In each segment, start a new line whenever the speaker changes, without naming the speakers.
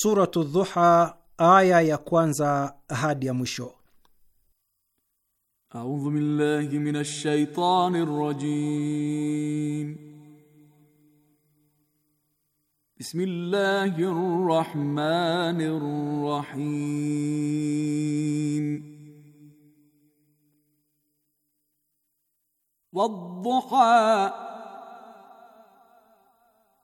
Suratu Dhuha aya ya kwanza hadi ya mwisho.
A'udhu billahi minash shaitanir rajim. Bismillahir rahmanir rahim. والضحى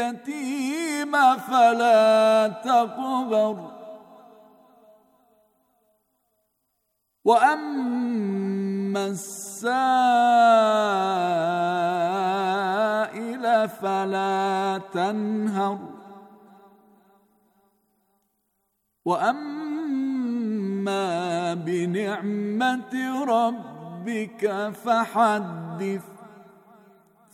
اليتيم فلا تقبر واما السائل فلا تنهر واما بنعمه ربك فحدث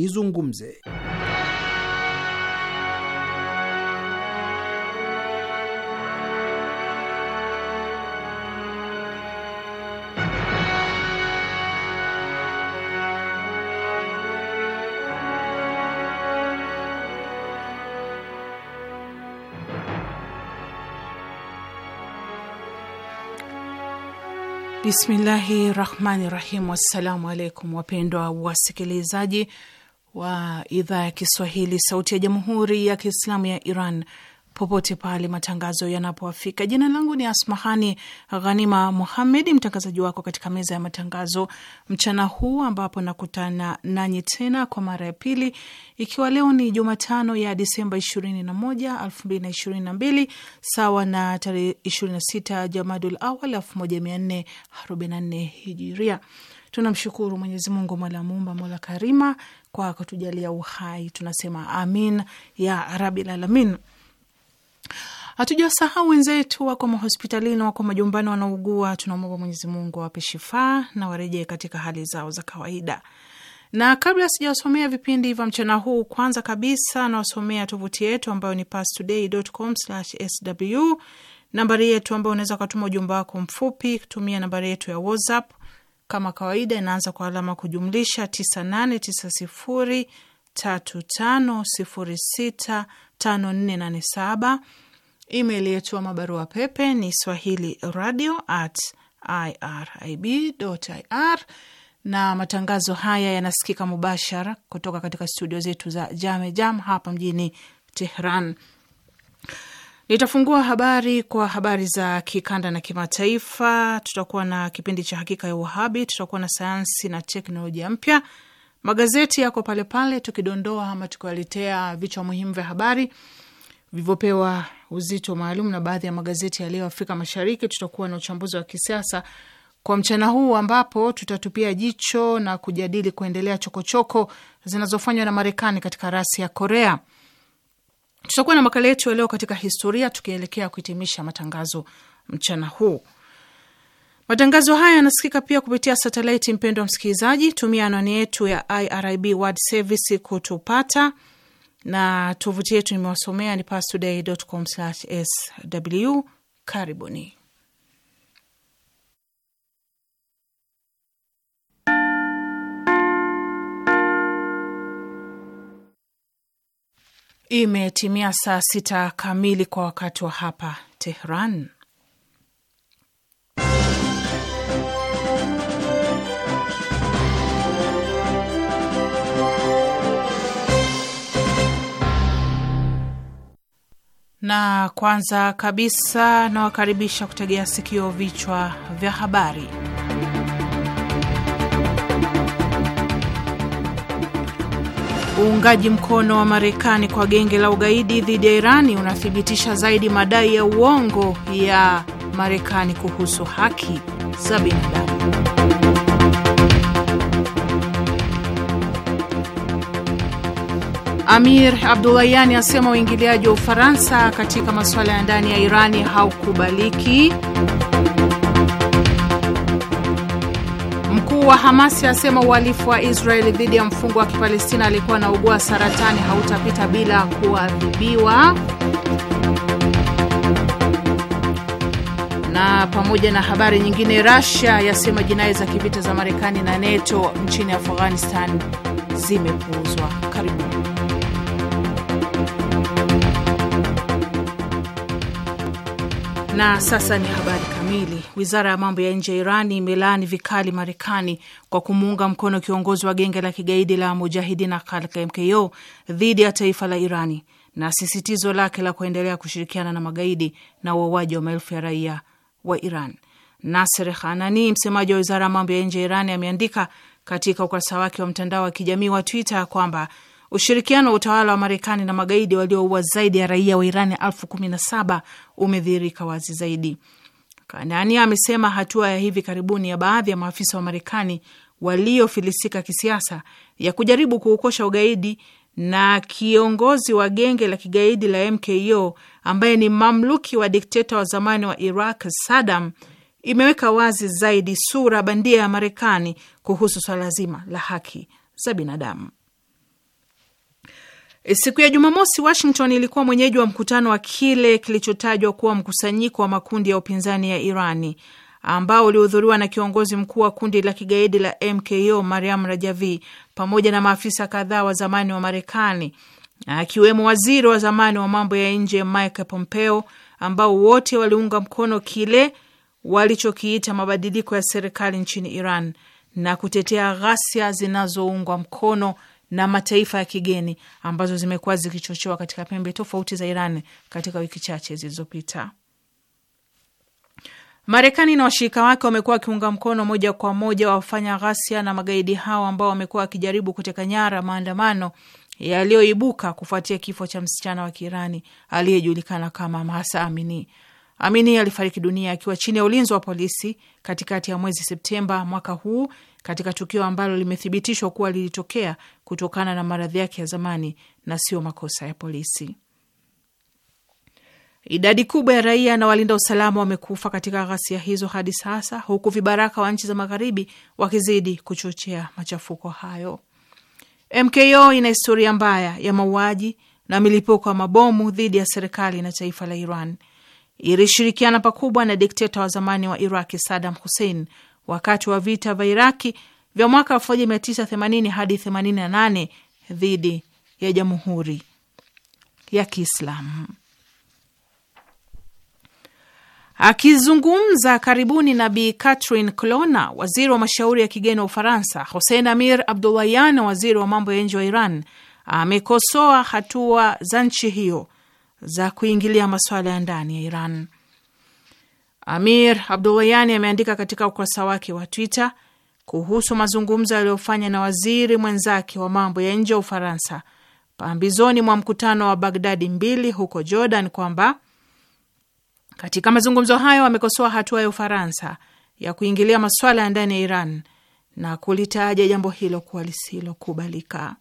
izungumze.
Bismillahi rahmani rahim. wassalamu alaikum wapendwa wasikilizaji wa idhaa ya Kiswahili, sauti ya jamhuri ya kiislamu ya Iran, popote pale matangazo yanapoafika Jina langu ni Asmahani Ghanima Muhammed, mtangazaji wako katika meza ya matangazo mchana huu, ambapo nakutana nanyi tena kwa mara ya pili, ikiwa leo ni Jumatano ya Disemba 21, 2022 sawa na tarehe 26 Jamadul Awal 1444 Hijiria. Tunamshukuru Mwenyezi Mungu, Mola Mola Karima kwa kutujalia uhai, tunasema amin ya rabil alamin. Hatujasahau wenzetu wako mahospitalini, wako majumbani, wanaugua. Tunamwomba Mwenyezi Mungu awape shifaa na warejee katika hali zao za kawaida. Na kabla sijawasomea vipindi vya mchana huu, kwanza kabisa nawasomea tovuti yetu ambayo ni pastoday.com/sw, nambari yetu ambayo unaweza ukatuma ujumbe wako mfupi kutumia nambari yetu ya WhatsApp kama kawaida inaanza kwa alama kujumlisha 989035065487. Email yetu ama barua pepe ni swahili radio at irib ir, na matangazo haya yanasikika mubashara kutoka katika studio zetu za Jamejam Jam hapa mjini Tehran. Nitafungua habari kwa habari za kikanda na kimataifa. Tutakuwa na kipindi cha hakika ya uhabi, tutakuwa na sayansi na teknolojia mpya. Magazeti yako pale pale, tukidondoa ama tukiwaletea vichwa muhimu vya habari vilivyopewa uzito maalum na baadhi ya magazeti yaliyo Afrika Mashariki. Tutakuwa na uchambuzi wa kisiasa kwa mchana huu, ambapo tutatupia jicho na kujadili kuendelea chokochoko zinazofanywa na Marekani katika rasi ya Korea. Tutakuwa na makala yetu leo katika historia, tukielekea kuhitimisha matangazo mchana huu. Matangazo haya yanasikika pia kupitia satelaiti. Mpendwa msikilizaji, tumia anwani yetu ya IRIB World Service kutupata na tovuti yetu nimewasomea ni pastoday.com/sw. Karibuni. Imetimia saa sita kamili kwa wakati wa hapa Tehran. Na kwanza kabisa nawakaribisha kutegea sikio vichwa vya habari. Uungaji mkono wa Marekani kwa genge la ugaidi dhidi ya Irani unathibitisha zaidi madai ya uongo ya Marekani kuhusu haki za binadamu. Amir Abdulayani asema uingiliaji wa Ufaransa katika masuala ya ndani ya Irani haukubaliki. wa Hamas asema uhalifu wa Israeli dhidi ya mfungwa wa Kipalestina alikuwa anaugua saratani hautapita bila kuadhibiwa. Na pamoja na habari nyingine, Russia yasema jinai za kivita za Marekani na NATO nchini Afghanistan zimepuuzwa. Karibuni. Na sasa ni habari kamili. Wizara ya mambo ya nje ya Irani imelaani vikali Marekani kwa kumuunga mkono kiongozi wa genge la kigaidi la mujahidina Khalq MKO dhidi ya taifa la Irani na sisitizo lake la kuendelea kushirikiana na magaidi na wauaji wa maelfu ya raia wa Iran. Naser Khanani, msemaji wa wizara ya mambo ya nje ya Irani, ameandika katika ukurasa wake wa mtandao wa kijamii wa Twitter kwamba Ushirikiano wa utawala wa Marekani na magaidi walioua zaidi ya raia wa Irani elfu kumi na saba umedhihirika wazi zaidi. kanania amesema hatua ya hivi karibuni ya baadhi ya maafisa wa Marekani waliofilisika kisiasa ya kujaribu kuukosha ugaidi na kiongozi wa genge la kigaidi la MKO ambaye ni mamluki wa dikteta wa zamani wa Iraq Saddam imeweka wazi zaidi sura bandia ya Marekani kuhusu swala zima la haki za binadamu. E, siku ya Jumamosi, Washington ilikuwa mwenyeji wa mkutano wa kile kilichotajwa kuwa mkusanyiko wa makundi ya upinzani ya Irani ambao ulihudhuriwa na kiongozi mkuu wa kundi la kigaidi la MKO Mariam Rajavi pamoja na maafisa kadhaa wa zamani wa Marekani akiwemo waziri wa zamani wa mambo ya nje Mike Pompeo, ambao wote waliunga mkono kile walichokiita mabadiliko ya serikali nchini Iran na kutetea ghasia zinazoungwa mkono na mataifa ya kigeni ambazo zimekuwa zikichochewa katika pembe tofauti za Iran katika wiki chache zilizopita. Marekani na washirika wake wamekuwa wakiunga mkono moja kwa moja wafanya ghasia na magaidi hao ambao wamekuwa wakijaribu kuteka nyara maandamano yaliyoibuka kufuatia kifo cha msichana wa Kiirani aliyejulikana kama Mahsa Amini. Amini alifariki dunia akiwa chini ya ulinzi wa polisi katikati ya mwezi Septemba mwaka huu katika tukio ambalo limethibitishwa kuwa lilitokea kutokana na maradhi yake ya zamani na sio makosa ya polisi. Idadi kubwa ya raia na walinda usalama wamekufa katika ghasia hizo hadi sasa, huku vibaraka wa nchi za magharibi wakizidi kuchochea machafuko hayo. MKO ina historia mbaya ya mauaji na milipuko ya mabomu dhidi ya serikali na taifa la Iran. Ilishirikiana pakubwa na dikteta wa zamani wa Iraki Saddam Hussein wakati wa vita vya Iraki vya mwaka 1980 hadi 88 dhidi ya Jamhuri ya Kiislamu. Akizungumza karibuni na Bi Catherine Colonna, waziri wa mashauri ya kigeni wa Ufaransa, Hossein Amir Abdullayan, waziri wa mambo ya nje wa Iran, amekosoa hatua za nchi hiyo za kuingilia masuala ya ndani ya Iran. Amir Abdulayani ameandika katika ukurasa wake wa Twitter kuhusu mazungumzo yaliyofanya na waziri mwenzake wa mambo ya nje wa Ufaransa pambizoni mwa mkutano wa Bagdadi mbili huko Jordan kwamba katika mazungumzo hayo amekosoa hatua ya Ufaransa ya kuingilia masuala ya ndani ya Iran na kulitaja jambo hilo kuwa lisilokubalika.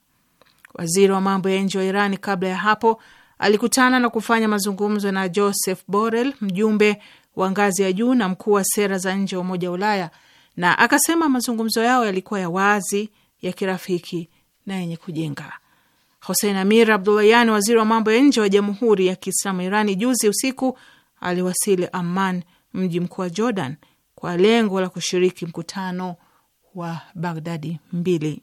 Waziri wa mambo ya nje wa Iran kabla ya hapo alikutana na kufanya mazungumzo na Joseph Borrell, mjumbe wa ngazi ya juu na mkuu wa sera za nje wa Umoja wa Ulaya, na akasema mazungumzo yao yalikuwa ya wazi, ya kirafiki na yenye kujenga. Hossein Amir abdulayan waziri wa mambo ya nje wa Jamhuri ya Kiislamu Irani, juzi usiku aliwasili Amman, mji mkuu wa Jordan, kwa lengo la kushiriki mkutano wa Bagdadi mbili.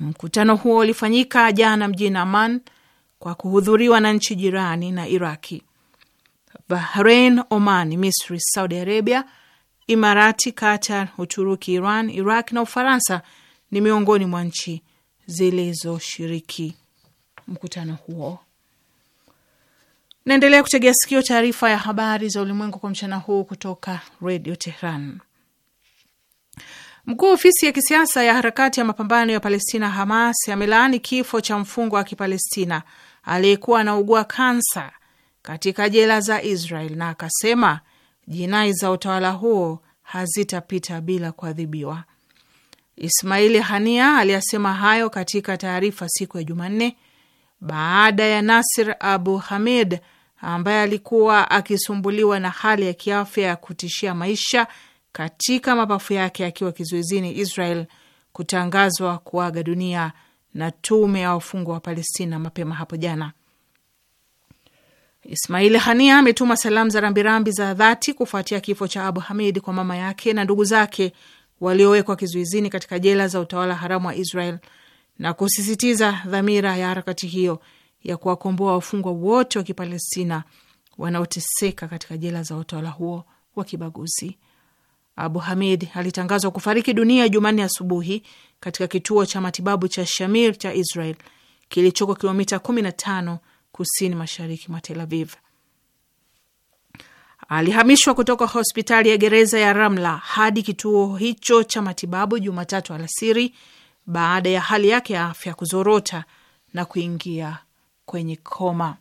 Mkutano huo ulifanyika jana mjini Amman kwa kuhudhuriwa na nchi jirani na Iraki. Bahrain, Oman, Misri, Saudi Arabia, Imarati, Qatar, Uturuki, Iran, Iraq na Ufaransa ni miongoni mwa nchi zilizoshiriki mkutano huo. Naendelea kutegea sikio taarifa ya habari za ulimwengu kwa mchana huu kutoka Redio Tehran. Mkuu wa ofisi ya kisiasa ya harakati ya mapambano ya Palestina Hamas amelaani kifo cha mfungwa wa Kipalestina aliyekuwa anaugua kansa katika jela za Israel na akasema jinai za utawala huo hazitapita bila kuadhibiwa. Ismaili Hania aliyasema hayo katika taarifa siku ya Jumanne baada ya Nasir Abu Hamid ambaye alikuwa akisumbuliwa na hali ya kiafya ya kutishia maisha katika mapafu yake akiwa kizuizini Israel kutangazwa kuaga dunia na tume ya wafungwa wa Palestina mapema hapo jana. Ismail Hania ametuma salamu za rambirambi za dhati kufuatia kifo cha Abu Hamid kwa mama yake na ndugu zake waliowekwa kizuizini katika jela za utawala haramu wa Israel na kusisitiza dhamira ya harakati hiyo ya kuwakomboa wafungwa wote wa Kipalestina wanaoteseka katika jela za utawala huo wa kibaguzi. Abu Hamid alitangazwa kufariki dunia Jumanne asubuhi katika kituo cha matibabu cha Shamir cha Israel kilichoko kilomita 15 kusini mashariki mwa Tel Aviv. Alihamishwa kutoka hospitali ya gereza ya Ramla hadi kituo hicho cha matibabu Jumatatu alasiri baada ya hali yake ya afya kuzorota na kuingia kwenye koma.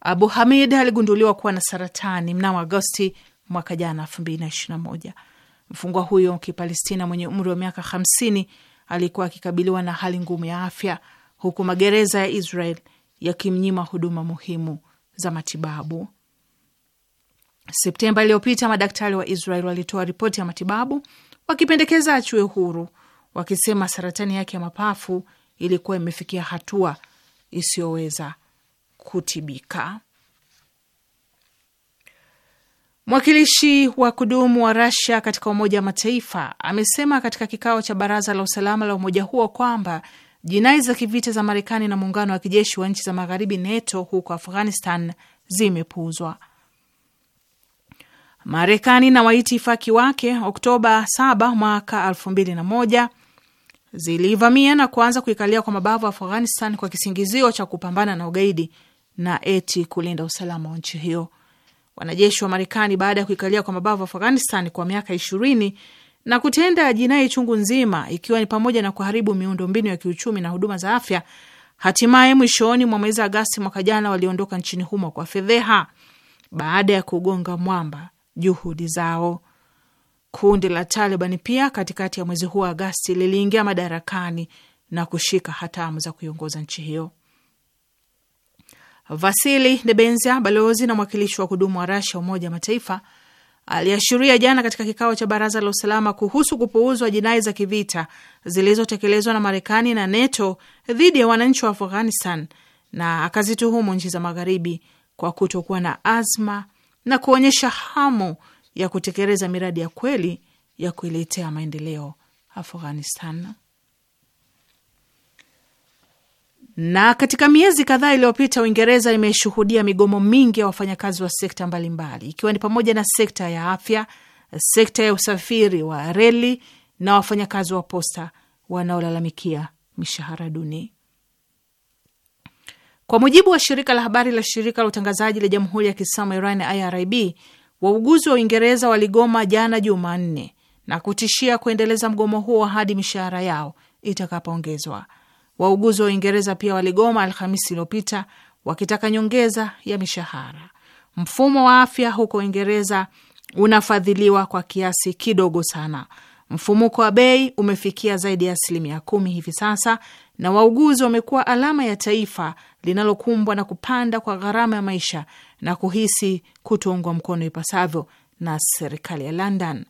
Abu Hamid aligunduliwa kuwa na saratani mnamo Agosti mwaka jana 2021. Mfungwa huyo Kipalestina mwenye umri wa miaka 50 alikuwa akikabiliwa na hali ngumu ya afya, huku magereza ya Israel yakimnyima huduma muhimu za matibabu. Septemba iliyopita madaktari wa Israel walitoa ripoti ya matibabu wakipendekeza achiwe huru, wakisema saratani yake ya mapafu ilikuwa imefikia hatua isiyoweza kutibika. Mwakilishi wa kudumu wa Rasia katika Umoja wa Mataifa amesema katika kikao cha Baraza la Usalama la umoja huo kwamba Jinai za kivita za Marekani na muungano wa kijeshi wa nchi za magharibi NATO huko Afghanistan zimepuuzwa. Marekani na waitifaki wake Oktoba 7 mwaka 2001 zilivamia na kuanza kuikalia kwa mabavu Afghanistan kwa kisingizio cha kupambana na ugaidi na eti kulinda usalama wa nchi hiyo. Wanajeshi wa Marekani baada ya kuikalia kwa mabavu Afghanistan kwa miaka ishirini na kutenda jinai chungu nzima, ikiwa ni pamoja na kuharibu miundombinu ya kiuchumi na huduma za afya. Hatimaye mwishoni mwa mwezi Agasti mwaka jana waliondoka nchini humo kwa fedheha baada ya kugonga mwamba juhudi zao. Kundi la Taliban pia katikati ya mwezi huu wa Agasti liliingia madarakani na kushika hatamu za kuiongoza nchi hiyo. Vasili Nebenzia, balozi na mwakilishi wa kudumu wa Rasia Umoja wa Mataifa, aliashiria jana katika kikao cha baraza la usalama kuhusu kupuuzwa jinai za kivita zilizotekelezwa na Marekani na NATO dhidi ya wananchi wa Afghanistan na akazituhumu nchi za Magharibi kwa kutokuwa na azma na kuonyesha hamu ya kutekeleza miradi ya kweli ya kuiletea maendeleo Afghanistan. Na katika miezi kadhaa iliyopita Uingereza imeshuhudia migomo mingi ya wafanyakazi wa sekta mbalimbali, ikiwa ni pamoja na sekta ya afya, sekta ya usafiri wa reli na wafanyakazi wa posta wanaolalamikia mishahara duni. Kwa mujibu wa shirika la habari la shirika la utangazaji la jamhuri ya Kiislamu Iran IRIB, wauguzi wa Uingereza waligoma jana Jumanne na kutishia kuendeleza mgomo huo hadi mishahara yao itakapoongezwa. Wauguzi wa Uingereza pia waligoma Alhamisi iliyopita wakitaka nyongeza ya mishahara. Mfumo wa afya huko Uingereza unafadhiliwa kwa kiasi kidogo sana. Mfumuko wa bei umefikia zaidi ya asilimia kumi hivi sasa, na wauguzi wamekuwa alama ya taifa linalokumbwa na kupanda kwa gharama ya maisha na kuhisi kutoungwa mkono ipasavyo na serikali ya London.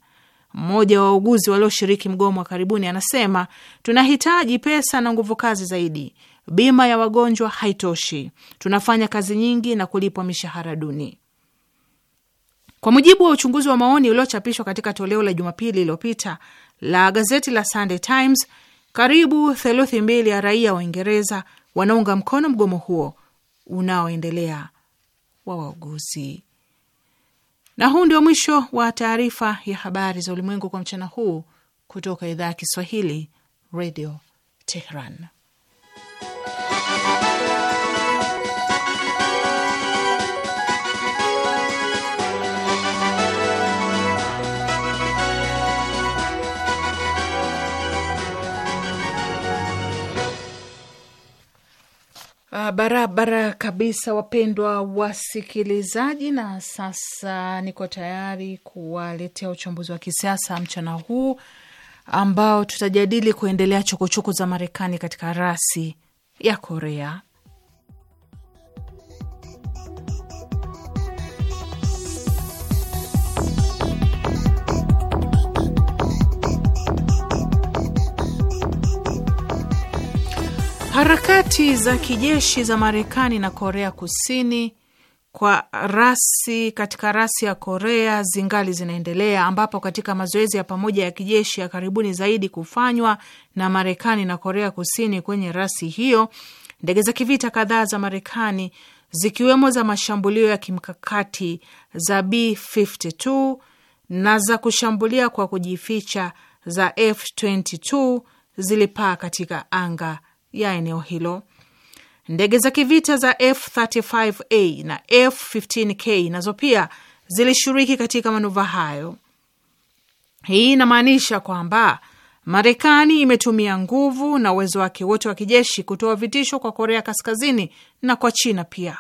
Mmoja wa wauguzi walioshiriki mgomo wa karibuni anasema, tunahitaji pesa na nguvu kazi zaidi. Bima ya wagonjwa haitoshi. Tunafanya kazi nyingi na kulipwa mishahara duni. Kwa mujibu wa uchunguzi wa maoni uliochapishwa katika toleo la Jumapili iliyopita la gazeti la Sunday Times, karibu theluthi mbili ya raia wa Uingereza wanaunga mkono mgomo huo unaoendelea wa wauguzi. Na huu ndio mwisho wa taarifa ya habari za ulimwengu kwa mchana huu kutoka idhaa ya Kiswahili, Radio Tehran. Ah, barabara kabisa, wapendwa wasikilizaji, na sasa niko tayari kuwaletea uchambuzi wa kisiasa mchana huu ambao tutajadili kuendelea chokochoko za Marekani katika rasi ya Korea Harakati za kijeshi za Marekani na Korea Kusini kwa rasi katika rasi ya Korea zingali zinaendelea, ambapo katika mazoezi ya pamoja ya kijeshi ya karibuni zaidi kufanywa na Marekani na Korea Kusini kwenye rasi hiyo, ndege za kivita kadhaa za Marekani zikiwemo za mashambulio ya kimkakati za B52 na za kushambulia kwa kujificha za F22 zilipaa katika anga ya eneo hilo. Ndege za kivita za F35A na F15K nazo pia zilishiriki katika manuva hayo. Hii inamaanisha kwamba Marekani imetumia nguvu na uwezo wake wote wa kijeshi kutoa vitisho kwa Korea Kaskazini na kwa China pia.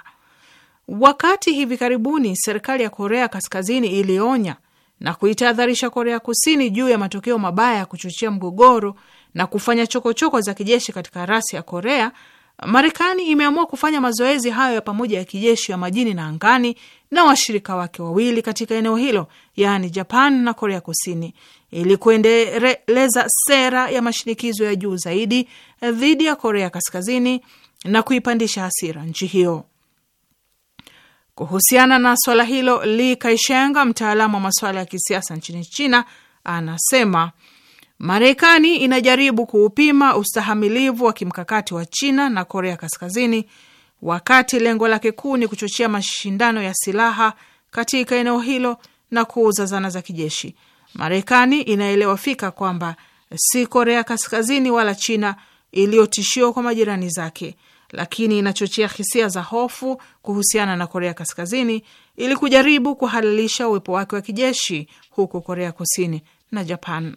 Wakati hivi karibuni serikali ya Korea Kaskazini ilionya na kuitahadharisha Korea Kusini juu ya matokeo mabaya ya kuchochea mgogoro na kufanya chokochoko -choko za kijeshi katika rasi ya Korea, Marekani imeamua kufanya mazoezi hayo ya pamoja ya kijeshi ya majini na angani na washirika wake wawili katika eneo hilo, yaani Japan na Korea Kusini, ili kuendeleza sera ya mashinikizo ya juu zaidi dhidi ya Korea Kaskazini na kuipandisha hasira nchi hiyo. Kuhusiana na swala hilo, Li Kaishenga, mtaalamu wa masuala ya kisiasa nchini China, anasema Marekani inajaribu kuupima ustahamilivu wa kimkakati wa China na Korea Kaskazini, wakati lengo lake kuu ni kuchochea mashindano ya silaha katika eneo hilo na kuuza zana za kijeshi. Marekani inaelewa fika kwamba si Korea Kaskazini wala China iliyotishiwa kwa majirani zake, lakini inachochea hisia za hofu kuhusiana na Korea Kaskazini ili kujaribu kuhalalisha uwepo wake wa kijeshi huko Korea Kusini na Japan.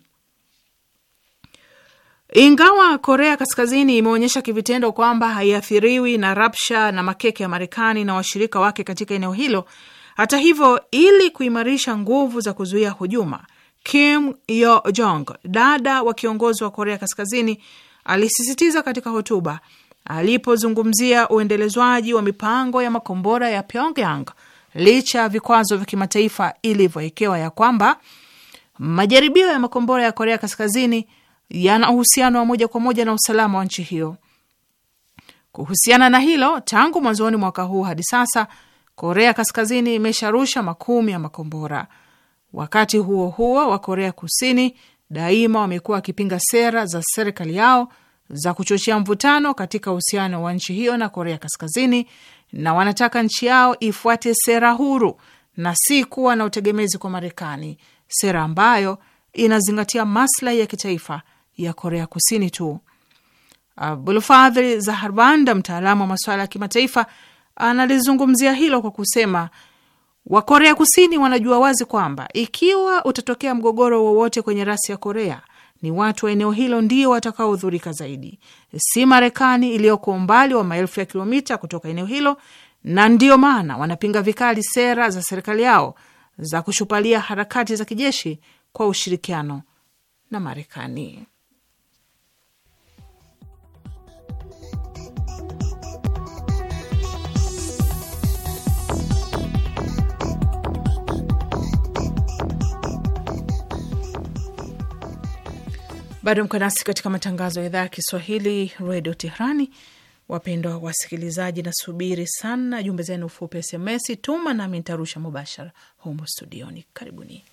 Ingawa Korea Kaskazini imeonyesha kivitendo kwamba haiathiriwi na rapsha na makeke ya Marekani na washirika wake katika eneo hilo, hata hivyo, ili kuimarisha nguvu za kuzuia hujuma, Kim Yo Jong, dada wa kiongozi wa Korea Kaskazini, alisisitiza katika hotuba alipozungumzia uendelezwaji wa mipango ya makombora ya Pyongyang licha ya vikwazo vya kimataifa ilivyowekewa, ya kwamba majaribio ya makombora ya Korea Kaskazini yana uhusiano wa moja kwa moja na usalama wa nchi hiyo. Kuhusiana na hilo, tangu mwanzoni mwaka huu hadi sasa Korea Kaskazini imesharusha makumi ya makombora. Wakati huo huo, wa Korea Kusini daima wamekuwa wakipinga sera za serikali yao za kuchochea mvutano katika uhusiano wa nchi hiyo na Korea Kaskazini, na wanataka nchi yao ifuate sera huru na si kuwa na utegemezi kwa Marekani, sera ambayo inazingatia maslahi ya kitaifa ya Korea Kusini tu. Abulfadhli Zaharbanda, mtaalamu wa masuala ya kimataifa, analizungumzia hilo kwa kusema Wakorea Kusini wanajua wazi kwamba ikiwa utatokea mgogoro wowote kwenye rasi ya Korea, ni watu wa eneo hilo ndio watakaohudhurika zaidi, si Marekani iliyoko umbali wa maelfu ya kilomita kutoka eneo hilo, na ndiyo maana wanapinga vikali sera za serikali yao za kushupalia harakati za kijeshi kwa ushirikiano na Marekani. Bado mko nasi katika matangazo ya idhaa ya Kiswahili redio Tehrani. Wapendwa wasikilizaji, nasubiri sana jumbe zenu fupi, SMS tuma, nami ntarusha mubashara humo studioni. Karibuni.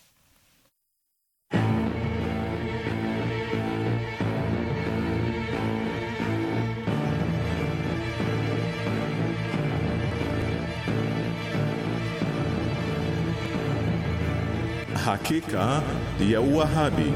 Hakika ya Uwahabi.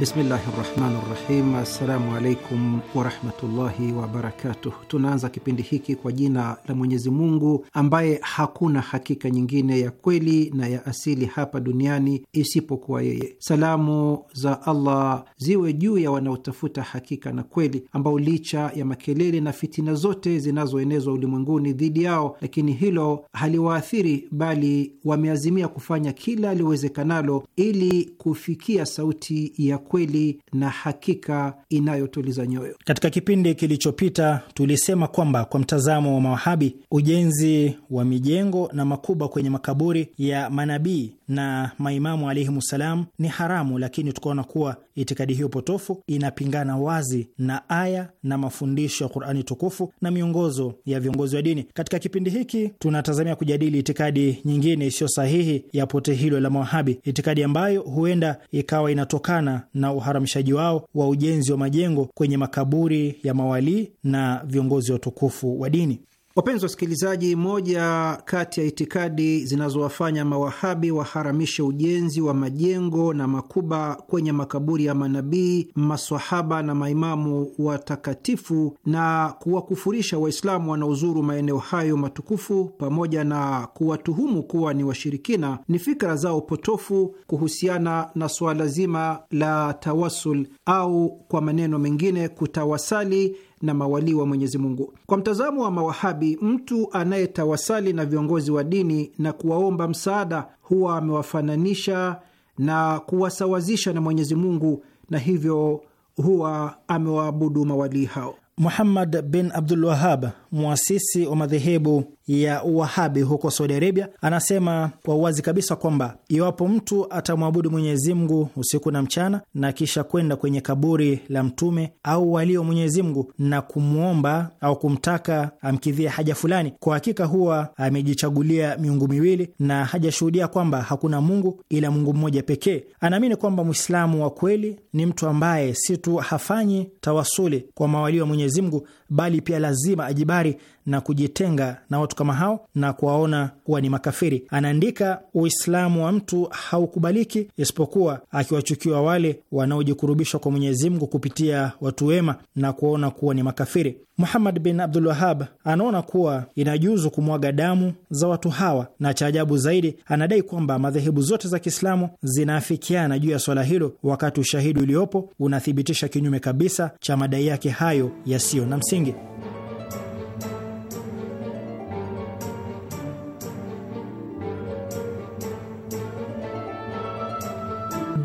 Bismillahi rahmani rahim. Assalamu alaikum warahmatullahi wabarakatuh. Tunaanza kipindi hiki kwa jina la Mwenyezi Mungu ambaye hakuna hakika nyingine ya kweli na ya asili hapa duniani isipokuwa yeye. Salamu za Allah ziwe juu ya wanaotafuta hakika na kweli, ambao licha ya makelele na fitina zote zinazoenezwa ulimwenguni dhidi yao, lakini hilo haliwaathiri, bali wameazimia kufanya kila aliowezekanalo ili kufikia sauti ya kweli na hakika inayotuliza nyoyo.
Katika kipindi kilichopita, tulisema kwamba kwa mtazamo wa Mawahabi, ujenzi wa mijengo na makuba kwenye makaburi ya manabii na maimamu salam ni haramu, lakini tukaona kuwa itikadi hiyo potofu inapingana wazi na aya na mafundisho ya Qurani tukufu na miongozo ya viongozi wa dini. Katika kipindi hiki tunatazamia kujadili itikadi nyingine isiyo sahihi ya pote hilo la Mawahabi, itikadi ambayo huenda ikawa inatokana na uharamishaji wao wa ujenzi wa majengo kwenye makaburi ya mawalii
na viongozi watukufu wa dini. Wapenzi wasikilizaji, moja kati ya itikadi zinazowafanya mawahabi waharamishe ujenzi wa majengo na makuba kwenye makaburi ya manabii, maswahaba na maimamu watakatifu na kuwakufurisha Waislamu wanaozuru maeneo hayo matukufu pamoja na kuwatuhumu kuwa ni washirikina ni fikra zao potofu kuhusiana na suala zima la tawasul au kwa maneno mengine kutawasali na mawalii wa Mwenyezi Mungu. Kwa mtazamo wa Mawahabi, mtu anayetawasali na viongozi wa dini na kuwaomba msaada huwa amewafananisha na kuwasawazisha na Mwenyezi Mungu, na hivyo huwa amewaabudu mawalii hao. Muhammad
bin Abdul Wahab mwasisi wa madhehebu ya Wahabi huko Saudi Arabia, anasema kwa uwazi kabisa kwamba iwapo mtu atamwabudu Mwenyezi Mungu usiku na mchana na kisha kwenda kwenye kaburi la Mtume au walio Mwenyezi Mungu na kumwomba au kumtaka amkidhie haja fulani, kwa hakika huwa amejichagulia miungu miwili na hajashuhudia kwamba hakuna Mungu ila Mungu mmoja pekee. Anaamini kwamba Mwislamu wa kweli ni mtu ambaye si tu hafanyi tawasuli kwa mawalio wa Mwenyezi Mungu bali pia lazima ajibari na kujitenga na watu kama hao na kuwaona kuwa ni makafiri. Anaandika, Uislamu wa mtu haukubaliki isipokuwa akiwachukiwa wale wanaojikurubishwa kwa Mwenyezi Mungu kupitia watu wema na kuwaona kuwa ni makafiri. Muhammad bin Abdul Wahab anaona kuwa inajuzu kumwaga damu za watu hawa, na cha ajabu zaidi, anadai kwamba madhehebu zote za Kiislamu zinaafikiana juu ya swala hilo, wakati ushahidi uliopo unathibitisha kinyume kabisa cha madai yake hayo yasiyo na msingi.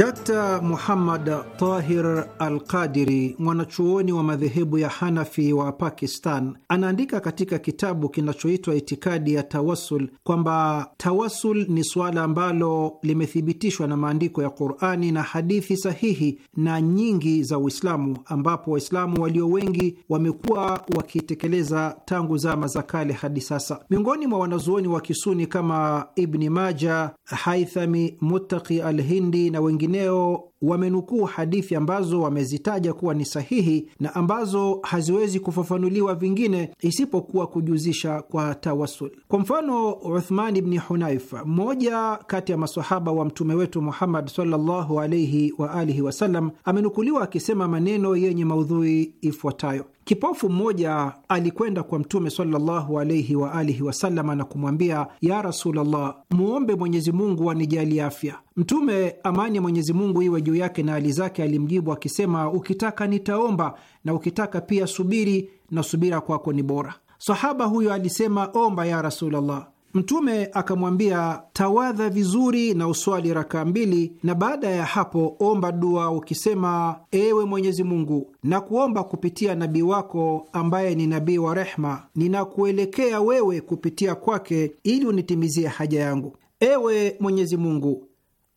Dr Muhammad Tahir Al-Qadiri, mwanachuoni wa madhehebu ya Hanafi wa Pakistan, anaandika katika kitabu kinachoitwa Itikadi ya Tawasul kwamba tawasul ni suala ambalo limethibitishwa na maandiko ya Qurani na hadithi sahihi na nyingi za Uislamu, ambapo Waislamu walio wengi wamekuwa wakitekeleza tangu zama za kale hadi sasa. Miongoni mwa wanazuoni wa Kisuni kama Ibni Maja, Haithami, Muttaqi Alhindi na wengine mengineo wamenukuu hadithi ambazo wamezitaja kuwa ni sahihi na ambazo haziwezi kufafanuliwa vingine isipokuwa kujuzisha kwa tawasul. Kwa mfano, Uthman bni Hunaif, mmoja kati ya masahaba wa mtume wetu Muhammad sallallahu alaihi wa alihi wasallam, amenukuliwa akisema maneno yenye maudhui ifuatayo: Kipofu mmoja alikwenda kwa Mtume sallallahu alaihi wa alihi wasallam na kumwambia, ya Rasulallah, muombe Mwenyezi Mungu anijalie afya. Mtume, amani ya Mwenyezi Mungu iwe juu yake na hali zake, alimjibu akisema, ukitaka nitaomba na ukitaka pia subiri, na subira kwako ni bora. Sahaba huyo alisema, omba ya Rasulullah. Mtume akamwambia, tawadha vizuri na uswali rakaa mbili, na baada ya hapo omba dua ukisema, ewe Mwenyezi Mungu, nakuomba kupitia nabii wako ambaye ni nabii wa rehma, ninakuelekea wewe kupitia kwake ili unitimizie haja yangu. Ewe Mwenyezi Mungu,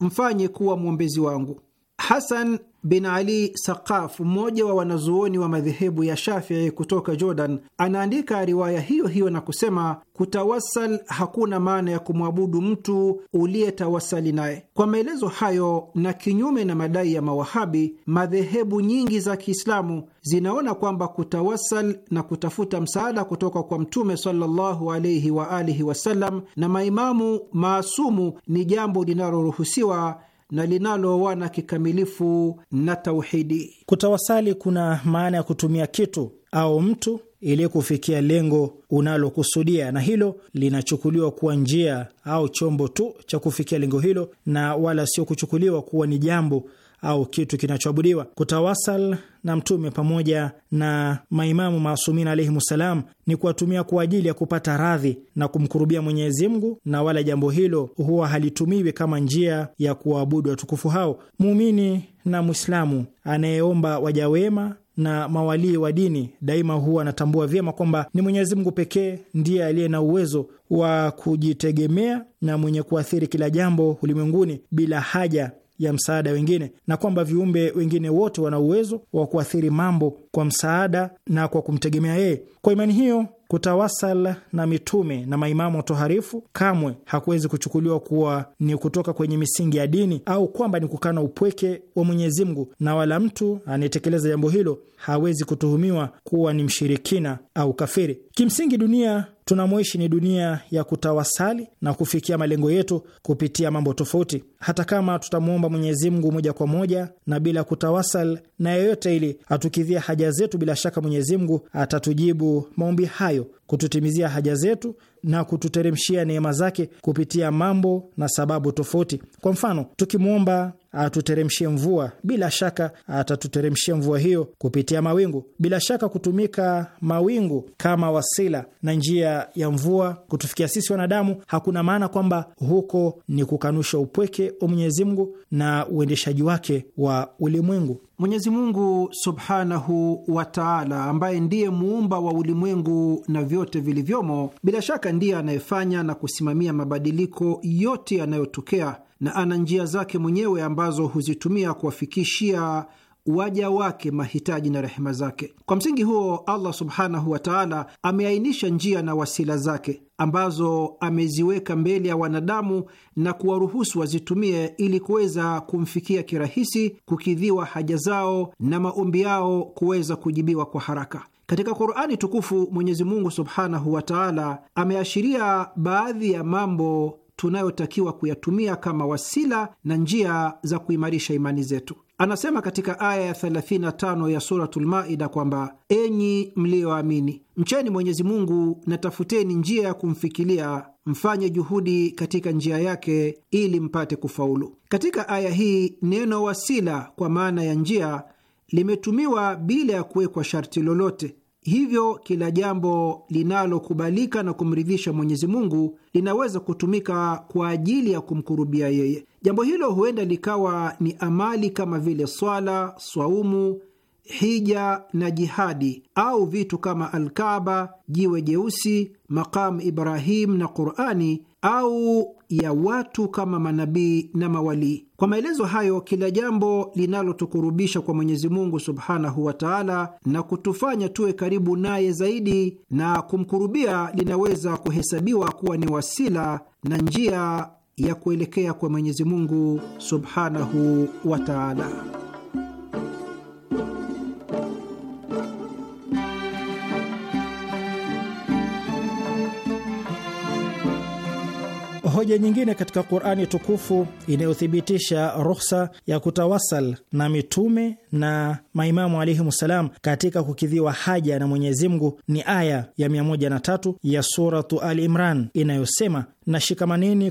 mfanye kuwa mwombezi wangu. Hasan bin Ali Saqaf, mmoja wa wanazuoni wa madhehebu ya Shafii kutoka Jordan, anaandika riwaya hiyo hiyo na kusema, kutawasal hakuna maana ya kumwabudu mtu uliyetawasali naye. Kwa maelezo hayo na kinyume na madai ya Mawahabi, madhehebu nyingi za Kiislamu zinaona kwamba kutawasal na kutafuta msaada kutoka kwa Mtume sallallahu alaihi waalihi wasallam na maimamu maasumu ni jambo linaloruhusiwa na linaloana kikamilifu na tauhidi. Kutawasali kuna maana ya kutumia kitu au mtu
ili kufikia lengo unalokusudia, na hilo linachukuliwa kuwa njia au chombo tu cha kufikia lengo hilo, na wala sio kuchukuliwa kuwa ni jambo au kitu kinachoabudiwa. Kutawasal na Mtume pamoja na maimamu maasumin alaihimussalam ni kuwatumia kwa ajili ya kupata radhi na kumkurubia Mwenyezi Mungu, na wala jambo hilo huwa halitumiwi kama njia ya kuwaabudu watukufu hao. Muumini na Mwislamu anayeomba waja wema na mawalii wa dini daima huwa anatambua vyema kwamba ni Mwenyezi Mungu pekee ndiye aliye na uwezo wa kujitegemea na mwenye kuathiri kila jambo ulimwenguni bila haja ya msaada wengine, na kwamba viumbe wengine wote wana uwezo wa kuathiri mambo kwa msaada na kwa kumtegemea yeye. Kwa imani hiyo, kutawasal na mitume na maimamu toharifu kamwe hakuwezi kuchukuliwa kuwa ni kutoka kwenye misingi ya dini au kwamba ni kukana upweke wa Mwenyezi Mungu, na wala mtu anayetekeleza jambo hilo hawezi kutuhumiwa kuwa ni mshirikina au kafiri. Kimsingi, dunia tunamoishi ni dunia ya kutawasali na kufikia malengo yetu kupitia mambo tofauti. Hata kama tutamwomba Mwenyezi Mungu moja kwa moja na bila kutawasal na yeyote ili atukidhia haja zetu, bila shaka Mwenyezi Mungu atatujibu maombi hayo, kututimizia haja zetu na kututeremshia neema zake kupitia mambo na sababu tofauti. Kwa mfano, tukimwomba atuteremshie mvua, bila shaka atatuteremshia mvua hiyo kupitia mawingu, bila shaka kutumika mawingu kama wasila na njia ya mvua kutufikia sisi wanadamu, hakuna maana kwamba huko ni kukanusha upweke wa Mwenyezi Mungu na uendeshaji wake wa
ulimwengu. Mwenyezi Mungu subhanahu wa taala, ambaye ndiye muumba wa ulimwengu na vyote vilivyomo, bila shaka ndiye anayefanya na kusimamia mabadiliko yote yanayotokea na ana njia zake mwenyewe ambazo huzitumia kuwafikishia waja wake mahitaji na rehema zake. Kwa msingi huo, Allah subhanahu wa taala ameainisha njia na wasila zake ambazo ameziweka mbele ya wanadamu na kuwaruhusu wazitumie ili kuweza kumfikia kirahisi, kukidhiwa haja zao na maombi yao kuweza kujibiwa kwa haraka. Katika Kurani tukufu Mwenyezi Mungu subhanahu wa taala ameashiria baadhi ya mambo tunayotakiwa kuyatumia kama wasila na njia za kuimarisha imani zetu. Anasema katika aya ya 35 ya Suratul Maida kwamba enyi mliyoamini, mcheni Mwenyezi Mungu na tafuteni njia ya kumfikilia, mfanye juhudi katika njia yake ili mpate kufaulu. Katika aya hii neno wasila kwa maana ya njia limetumiwa bila ya kuwekwa sharti lolote Hivyo kila jambo linalokubalika na kumridhisha Mwenyezi Mungu linaweza kutumika kwa ajili ya kumkurubia yeye. Jambo hilo huenda likawa ni amali kama vile swala, swaumu, hija na jihadi, au vitu kama alkaba jiwe jeusi, makamu Ibrahim na Qurani, au ya watu kama manabii na mawalii. Kwa maelezo hayo, kila jambo linalotukurubisha kwa Mwenyezi Mungu subhanahu wa taala na kutufanya tuwe karibu naye zaidi na kumkurubia linaweza kuhesabiwa kuwa ni wasila na njia ya kuelekea kwa Mwenyezi Mungu subhanahu wa taala.
Hoja nyingine katika Qurani tukufu inayothibitisha ruhusa ya kutawasal na mitume na maimamu ssalam katika kukidhiwa haja na Mwenyezi Mungu ni aya ya 103 ya Suratu Al Imran inayosema, na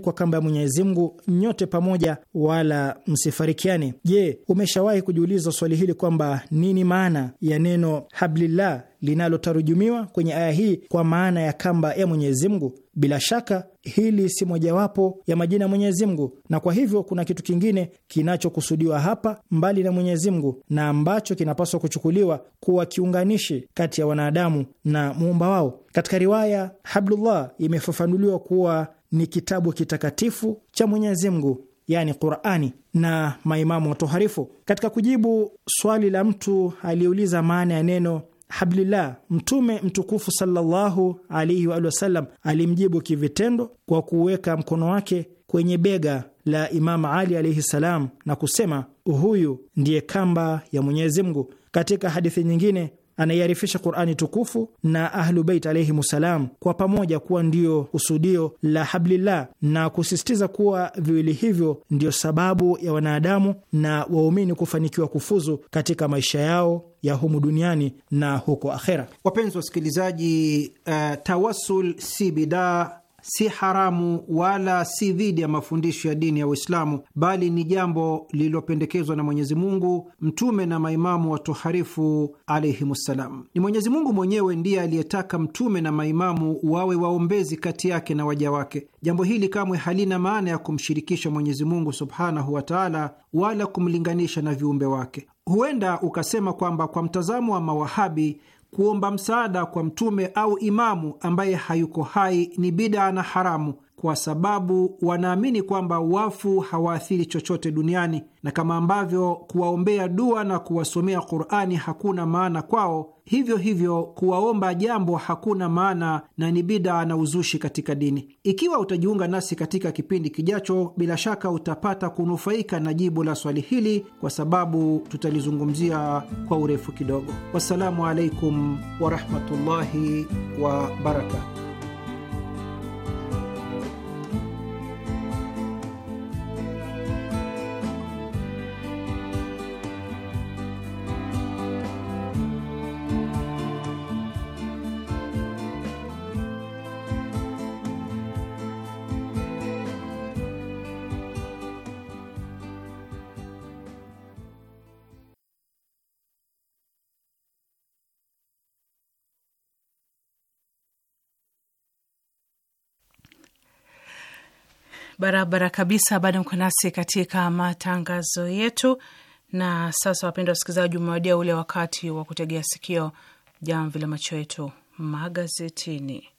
kwa kamba ya Mwenyezi Mungu nyote pamoja, wala msifarikiani. Je, umeshawahi kujiuliza swali hili kwamba nini maana ya neno hablillah linalotarujumiwa kwenye aya hii kwa maana ya kamba ya Mwenyezi Mungu? Bila shaka hili si mojawapo ya majina ya Mwenyezi Mungu, na kwa hivyo kuna kitu kingine kinachokusudiwa hapa mbali na Mwenyezi Mungu, na ambacho kinapaswa kuchukuliwa kuwa kiunganishi kati ya wanadamu na muumba wao. Katika riwaya Hablullah imefafanuliwa kuwa ni kitabu kitakatifu cha Mwenyezi Mungu, yani Qurani na maimamu watoharifu. Katika kujibu swali la mtu aliyeuliza maana ya neno hablillah, Mtume mtukufu sallallahu alaihi wa sallam alimjibu kivitendo kwa kuweka mkono wake kwenye bega la imamu Ali alaihi salam na kusema, huyu ndiye kamba ya Mwenyezi Mungu. Katika hadithi nyingine anaiarifisha Qurani tukufu na Ahlubeit alaihimussalam kwa pamoja kuwa ndiyo kusudio la hablillah na kusisitiza kuwa viwili hivyo ndiyo sababu ya wanadamu na waumini kufanikiwa kufuzu katika maisha yao ya humu duniani na huko akhera.
Wapenzi wasikilizaji, uh, eh, tawasul si bidaa si haramu wala si dhidi ya mafundisho ya dini ya Uislamu, bali ni jambo lililopendekezwa na Mwenyezi Mungu, mtume na maimamu watoharifu alaihimussalam. Ni Mwenyezi Mungu mwenyewe ndiye aliyetaka mtume na maimamu wawe waombezi kati yake na waja wake. Jambo hili kamwe halina maana ya kumshirikisha Mwenyezi Mungu subhanahu wa taala wala kumlinganisha na viumbe wake. Huenda ukasema kwamba kwa mtazamo wa Mawahabi kuomba msaada kwa mtume au imamu ambaye hayuko hai ni bidaa na haramu, kwa sababu wanaamini kwamba wafu hawaathiri chochote duniani, na kama ambavyo kuwaombea dua na kuwasomea Qur'ani hakuna maana kwao, hivyo hivyo kuwaomba jambo hakuna maana na ni bidaa na uzushi katika dini. Ikiwa utajiunga nasi katika kipindi kijacho, bila shaka utapata kunufaika na jibu la swali hili, kwa sababu tutalizungumzia kwa urefu kidogo. Wassalamu alaikum warahmatullahi wabarakatu.
barabara kabisa. Bado mko nasi katika matangazo yetu, na sasa, wapenda wasikilizaji, umewadia ule wakati wa kutegea sikio jamvi la macho yetu magazetini.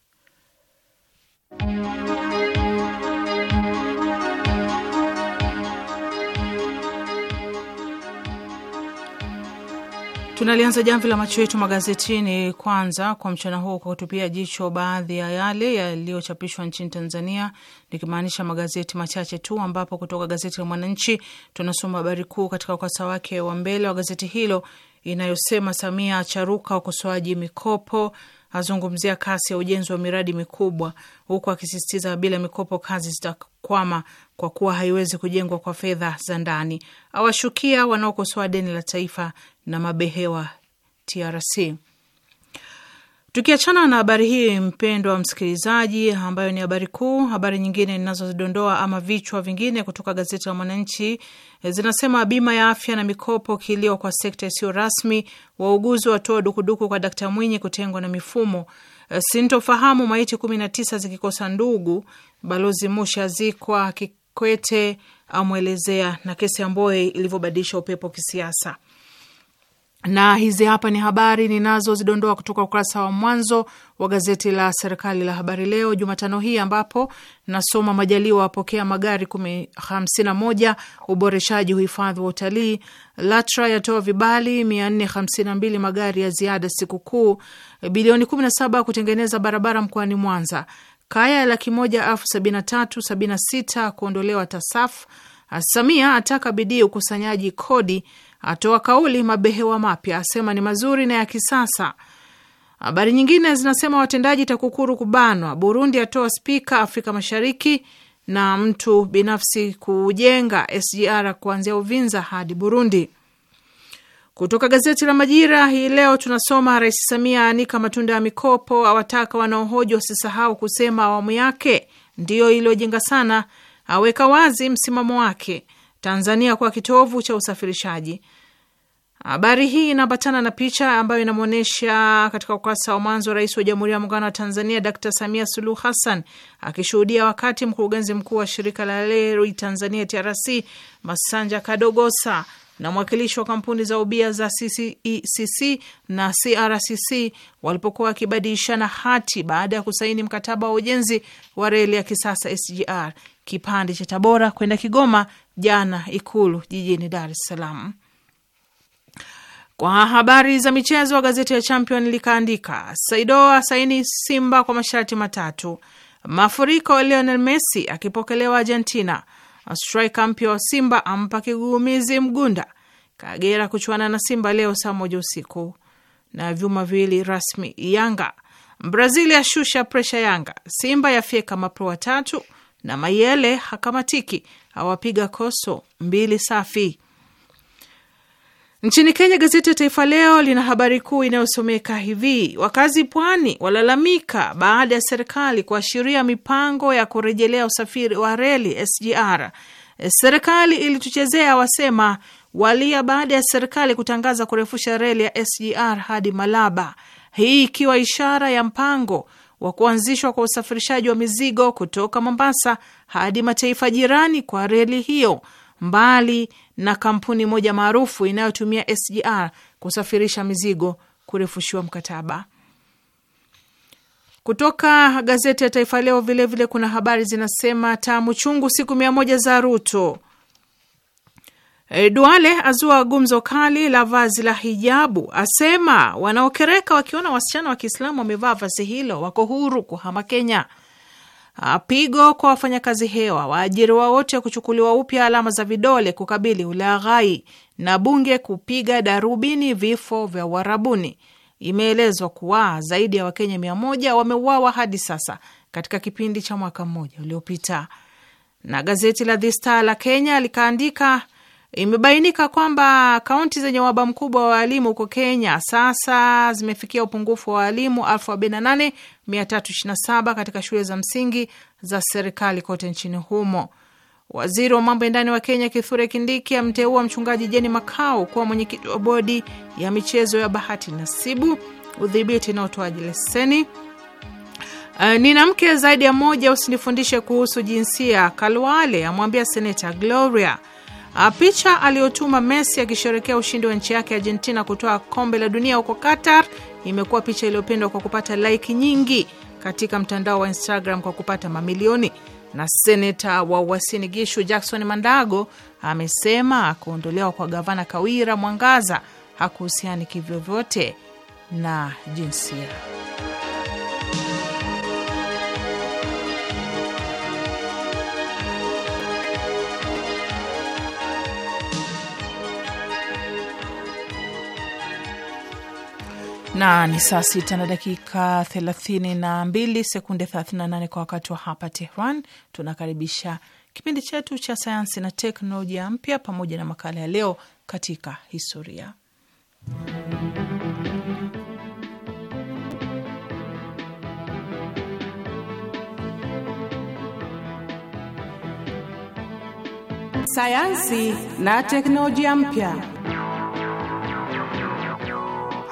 Tunalianza jamvi la macho yetu magazetini kwanza kwa mchana huu kwa kutupia jicho baadhi ya yale yaliyochapishwa nchini Tanzania, nikimaanisha magazeti machache tu, ambapo kutoka gazeti la Mwananchi tunasoma habari kuu katika ukurasa wake wa mbele wa gazeti hilo inayosema Samia acharuka ukosoaji mikopo azungumzia kasi ya ujenzi wa miradi mikubwa, huku akisisitiza bila mikopo kazi zitakwama kwa kuwa haiwezi kujengwa kwa fedha za ndani. Awashukia wanaokosoa deni la taifa na mabehewa TRC. Tukiachana na habari hii, mpendwa msikilizaji, ambayo ni habari kuu, habari nyingine ninazozidondoa ama vichwa vingine kutoka gazeti la Mwananchi eh, zinasema: bima ya afya na mikopo kilio kwa sekta isiyo rasmi, wauguzi watoa dukuduku kwa Dkt Mwinyi kutengwa na mifumo, eh, sintofahamu maiti kumi na tisa zikikosa ndugu, balozi Mushi azikwa, Kikwete amwelezea, na kesi ya Mboe ilivyobadilisha upepo kisiasa na hizi hapa ni habari ninazozidondoa kutoka ukurasa wa mwanzo wa gazeti la serikali la Habari Leo Jumatano hii ambapo nasoma: Majaliwa wapokea magari kumi hamsini na moja uboreshaji uhifadhi wa utalii. LATRA yatoa vibali mia nne hamsini na mbili magari ya ziada sikukuu. Bilioni kumi na saba kutengeneza barabara mkoani Mwanza. Kaya laki moja elfu sabini na tatu sabini na sita kuondolewa TASAF. Samia ataka bidii ukusanyaji kodi atoa kauli mabehewa mapya, asema ni mazuri na ya kisasa. Habari nyingine zinasema watendaji TAKUKURU kubanwa, Burundi atoa spika Afrika Mashariki, na mtu binafsi kujenga SGR kuanzia Uvinza hadi Burundi. Kutoka gazeti la Majira hii leo tunasoma Rais Samia anika matunda ya mikopo, awataka wanaohoji wasisahau kusema awamu yake ndiyo iliyojenga sana, aweka wazi msimamo wake Tanzania kwa kitovu cha usafirishaji, Habari hii inaambatana na picha ambayo inamwonyesha katika ukurasa wa mwanzo rais wa Jamhuri ya Muungano wa Tanzania Dr Samia Suluhu Hassan akishuhudia wakati mkurugenzi mkuu wa shirika la reli Tanzania TRC Masanja Kadogosa na mwakilishi wa kampuni za ubia za CCECC e na CRCC walipokuwa wakibadilishana hati baada ya kusaini mkataba wa ujenzi wa reli ya kisasa SGR kipande cha Tabora kwenda Kigoma jana Ikulu jijini Dar es Salaam. Kwa habari za michezo, gazeti ya Champion likaandika Saido asaini Simba kwa masharti matatu, mafuriko, Lionel Messi akipokelewa Argentina, straika mpya wa Simba ampa kigugumizi Mgunda, Kagera kuchuana na Simba leo saa moja usiku, na vyuma viwili rasmi Yanga, Brazil yashusha presha Yanga, Simba yafyeka mapro watatu, na Mayele hakamatiki awapiga koso mbili safi Nchini Kenya, gazeti ya Taifa Leo lina habari kuu inayosomeka hivi: wakazi pwani walalamika baada ya serikali kuashiria mipango ya kurejelea usafiri wa reli SGR. Serikali ilituchezea, wasema walia, baada ya serikali kutangaza kurefusha reli ya SGR hadi Malaba, hii ikiwa ishara ya mpango wa kuanzishwa kwa usafirishaji wa mizigo kutoka Mombasa hadi mataifa jirani kwa reli hiyo mbali na kampuni moja maarufu inayotumia SGR kusafirisha mizigo kurefushiwa mkataba. Kutoka gazeti ya Taifa Leo vilevile vile kuna habari zinasema tamu chungu siku mia moja za Ruto. E, Duale azua gumzo kali la vazi la hijabu, asema wanaokereka wakiona wasichana wa Kiislamu wamevaa vazi hilo wako huru kuhama Kenya. Ah, pigo kwa wafanyakazi hewa, waajiriwa wote kuchukuliwa upya alama za vidole kukabili ulaghai, na bunge kupiga darubini vifo vya Uarabuni. Imeelezwa kuwa zaidi ya Wakenya mia moja wameuawa hadi sasa katika kipindi cha mwaka mmoja uliopita. Na gazeti la The Star la Kenya likaandika imebainika kwamba kaunti zenye uhaba mkubwa wa waalimu huko Kenya sasa zimefikia upungufu wa waalimu elfu arobaini na nane 327 katika shule za msingi za serikali kote nchini humo. Waziri wa mambo ya ndani wa Kenya Kithure Kindiki amteua mchungaji Jeni Makau kuwa mwenyekiti wa bodi ya michezo ya bahati nasibu, udhibiti na utoaji leseni. Uh, nina mke zaidi ya moja, usinifundishe kuhusu jinsia. Kalwale amwambia seneta Gloria. Uh, picha aliyotuma Messi akisherekea ushindi wa nchi yake Argentina kutoa kombe la dunia huko Qatar imekuwa picha iliyopendwa kwa kupata like nyingi katika mtandao wa Instagram kwa kupata mamilioni. Na seneta wa Uasin Gishu Jackson Mandago amesema kuondolewa kwa gavana Kawira Mwangaza hakuhusiani kivyovyote na jinsia. na ni saa sita na dakika thelathini na mbili sekunde thelathini na nane kwa wakati wa hapa Tehran. Tunakaribisha kipindi chetu cha sayansi na teknolojia mpya pamoja na makala ya leo katika historia. Sayansi na teknolojia mpya.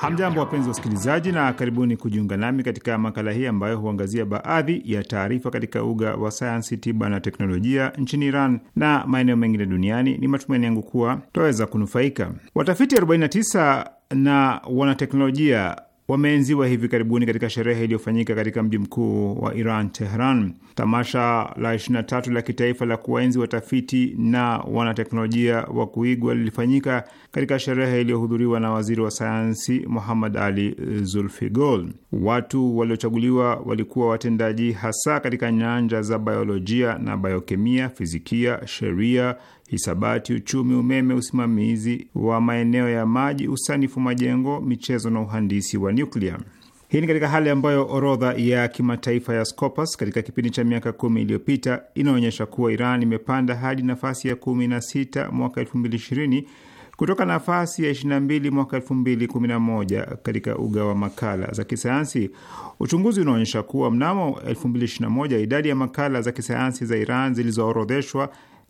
Hamjambo, wapenzi wa usikilizaji, na karibuni kujiunga nami katika makala hii ambayo huangazia baadhi ya taarifa katika uga wa sayansi, tiba na teknolojia nchini Iran na maeneo mengine duniani. Ni matumaini yangu kuwa tutaweza kunufaika. Watafiti 49 na wanateknolojia wameenziwa hivi karibuni katika sherehe iliyofanyika katika mji mkuu wa Iran, Tehran. Tamasha la 23 la kitaifa la kuwaenzi watafiti na wanateknolojia wa kuigwa lilifanyika katika sherehe iliyohudhuriwa na waziri wa sayansi Muhammad Ali Zulfigol. Watu waliochaguliwa walikuwa watendaji hasa katika nyanja za biolojia na biokemia, fizikia, sheria hisabati, uchumi, umeme, usimamizi wa maeneo ya maji, usanifu majengo, michezo na uhandisi wa nyuklia. Hii ni katika hali ambayo orodha ya kimataifa ya Scopus katika kipindi cha miaka kumi iliyopita inaonyesha kuwa Iran imepanda hadi nafasi ya kumi na sita mwaka elfu mbili ishirini kutoka nafasi ya 22 mwaka 2011 katika uga wa makala za kisayansi. Uchunguzi unaonyesha kuwa mnamo 2021 idadi ya makala za kisayansi za Iran zilizoorodheshwa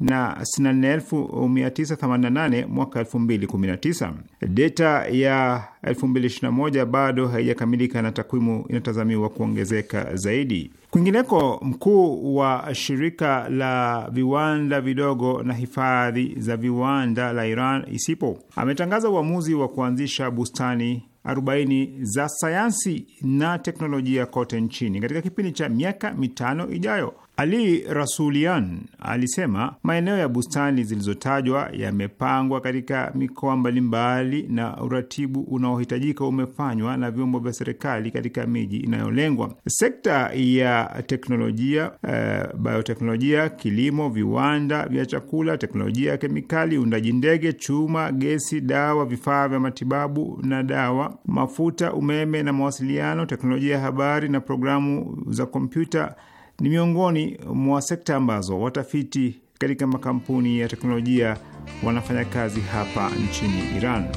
na 64988 mwaka 2019. Data ya 2021 bado haijakamilika na takwimu inatazamiwa kuongezeka zaidi. Kwingineko, mkuu wa shirika la viwanda vidogo na hifadhi za viwanda la Iran ISIPO ametangaza uamuzi wa kuanzisha bustani 40 za sayansi na teknolojia kote nchini katika kipindi cha miaka mitano ijayo. Ali Rasulian alisema maeneo ya bustani zilizotajwa yamepangwa katika mikoa mbalimbali na uratibu unaohitajika umefanywa na vyombo vya serikali katika miji inayolengwa. Sekta ya teknolojia e, bioteknolojia, kilimo, viwanda vya chakula, teknolojia ya kemikali, uundaji ndege, chuma, gesi, dawa, vifaa vya matibabu na dawa, mafuta, umeme na mawasiliano, teknolojia ya habari na programu za kompyuta ni miongoni mwa sekta ambazo watafiti katika makampuni ya teknolojia wanafanya kazi hapa nchini Iran.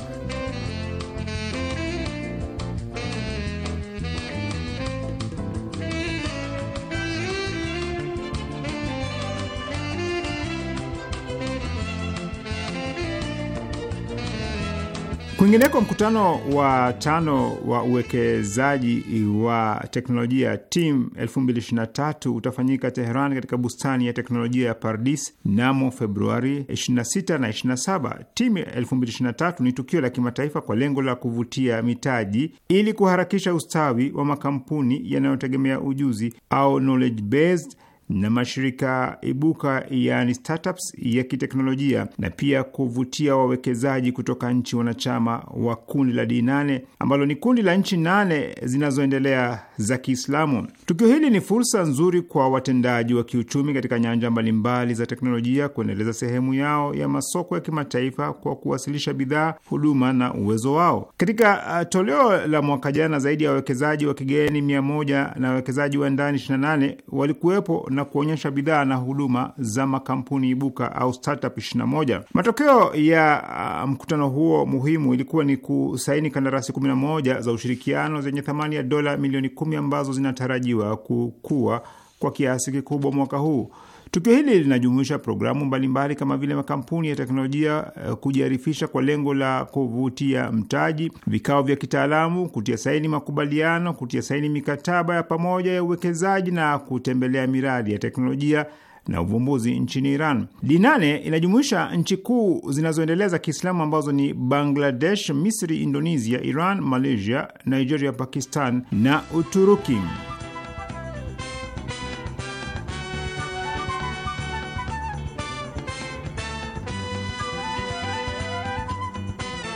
Kwingineko, mkutano wa tano wa uwekezaji wa teknolojia TIM 2023 utafanyika Teheran katika bustani ya teknolojia ya Pardis mnamo Februari 26 na 27. TIM 2023 ni tukio la kimataifa kwa lengo la kuvutia mitaji ili kuharakisha ustawi wa makampuni yanayotegemea ujuzi au knowledge based na mashirika ibuka yani startups ya kiteknolojia na pia kuvutia wawekezaji kutoka nchi wanachama wa kundi la D8 ambalo ni kundi la nchi nane zinazoendelea za Kiislamu. Tukio hili ni fursa nzuri kwa watendaji wa kiuchumi katika nyanja mbalimbali za teknolojia kuendeleza sehemu yao ya masoko ya kimataifa kwa kuwasilisha bidhaa, huduma na uwezo wao. Katika uh, toleo la mwaka jana, zaidi ya wawekezaji wa kigeni mia moja na wawekezaji wa ndani 28 walikuwepo na na kuonyesha bidhaa na huduma za makampuni ibuka au startup 21. Matokeo ya uh, mkutano huo muhimu ilikuwa ni kusaini kandarasi 11 za ushirikiano zenye thamani ya dola milioni 1 ambazo zinatarajiwa kukua kwa kiasi kikubwa mwaka huu. Tukio hili linajumuisha programu mbalimbali mbali kama vile makampuni ya teknolojia eh, kujiarifisha kwa lengo la kuvutia mtaji, vikao vya kitaalamu, kutia saini makubaliano, kutia saini mikataba ya pamoja ya uwekezaji na kutembelea miradi ya teknolojia na uvumbuzi nchini Iran. Dinane inajumuisha nchi kuu zinazoendelea za Kiislamu ambazo ni Bangladesh, Misri, Indonesia, Iran, Malaysia, Nigeria, Pakistan na Uturuki.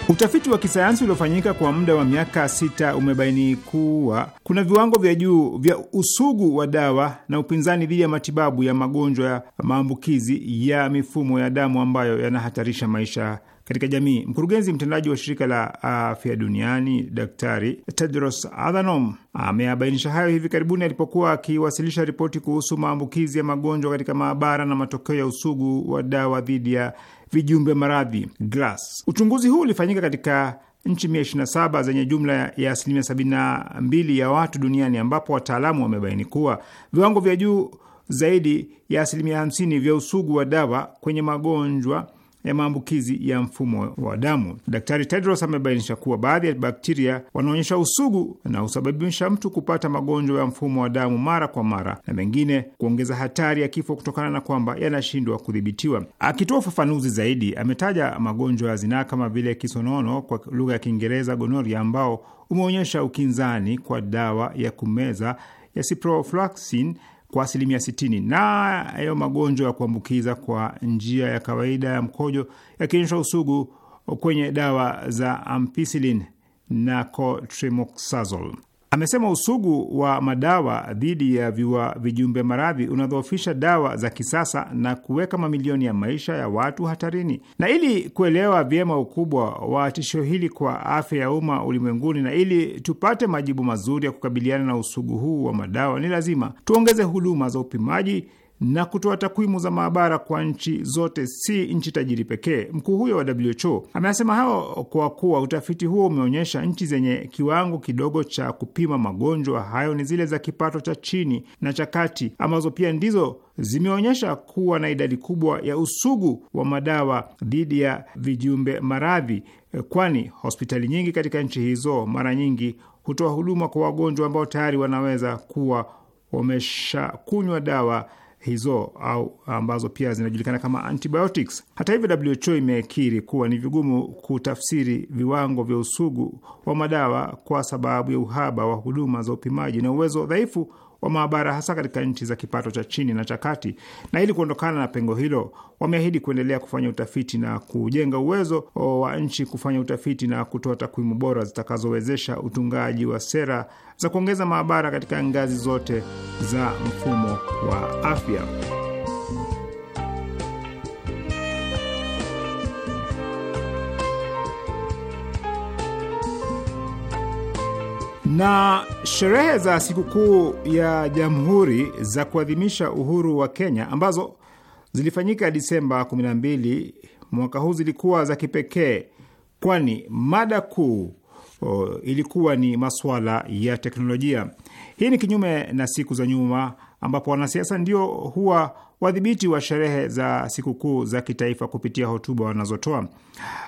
Utafiti wa kisayansi uliofanyika kwa muda wa miaka sita umebaini kuwa kuna viwango vya juu vya usugu wa dawa na upinzani dhidi ya matibabu ya magonjwa ya maambukizi ya mifumo ya damu ambayo yanahatarisha maisha katika jamii. Mkurugenzi mtendaji wa shirika la afya duniani Daktari Tedros Adhanom ameabainisha hayo hivi karibuni alipokuwa akiwasilisha ripoti kuhusu maambukizi ya magonjwa katika maabara na matokeo ya usugu wa dawa dhidi ya vijumbe maradhi GLAS. Uchunguzi huu ulifanyika katika nchi 127 zenye jumla ya asilimia 72 ya watu duniani ambapo wataalamu wamebaini kuwa viwango vya juu zaidi ya asilimia 50 vya usugu wa dawa kwenye magonjwa ya maambukizi ya mfumo wa damu. Daktari Tedros amebainisha kuwa baadhi ya bakteria wanaonyesha usugu na husababisha mtu kupata magonjwa ya mfumo wa damu mara kwa mara na mengine kuongeza hatari ya kifo kutokana na kwamba yanashindwa kudhibitiwa. Akitoa ufafanuzi zaidi, ametaja magonjwa ya zinaa kama vile kisonono kwa lugha ya Kiingereza gonoria, ambao umeonyesha ukinzani kwa dawa ya kumeza ya ciprofloxacin kwa asilimia 60, nayo magonjwa ya kuambukiza kwa njia ya kawaida ya mkojo yakionyeshwa usugu kwenye dawa za ampicillin na cotrimoxazole. Amesema usugu wa madawa dhidi ya viwa vijumbe maradhi unadhoofisha dawa za kisasa na kuweka mamilioni ya maisha ya watu hatarini. Na ili kuelewa vyema ukubwa wa tisho hili kwa afya ya umma ulimwenguni na ili tupate majibu mazuri ya kukabiliana na usugu huu wa madawa, ni lazima tuongeze huduma za upimaji na kutoa takwimu za maabara kwa nchi zote, si nchi tajiri pekee. Mkuu huyo wa WHO amesema hayo kwa kuwa utafiti huo umeonyesha nchi zenye kiwango kidogo cha kupima magonjwa hayo ni zile za kipato cha chini na cha kati, ambazo pia ndizo zimeonyesha kuwa na idadi kubwa ya usugu wa madawa dhidi ya vijumbe maradhi, kwani hospitali nyingi katika nchi hizo mara nyingi hutoa huduma kwa wagonjwa ambao tayari wanaweza kuwa wameshakunywa dawa hizo au ambazo pia zinajulikana kama antibiotics. Hata hivyo, WHO imekiri kuwa ni vigumu kutafsiri viwango vya usugu wa madawa kwa sababu ya uhaba wa huduma za upimaji na uwezo dhaifu wa maabara hasa katika nchi za kipato cha chini na cha kati. Na ili kuondokana na pengo hilo, wameahidi kuendelea kufanya utafiti na kujenga uwezo wa nchi kufanya utafiti na kutoa takwimu bora zitakazowezesha utungaji wa sera za kuongeza maabara katika ngazi zote za mfumo wa afya. na sherehe za sikukuu ya Jamhuri za kuadhimisha uhuru wa Kenya ambazo zilifanyika Disemba 12 mwaka huu zilikuwa za kipekee, kwani mada kuu ilikuwa ni masuala ya teknolojia. Hii ni kinyume na siku za nyuma ambapo wanasiasa ndio huwa wadhibiti wa sherehe za sikukuu za kitaifa kupitia hotuba wanazotoa.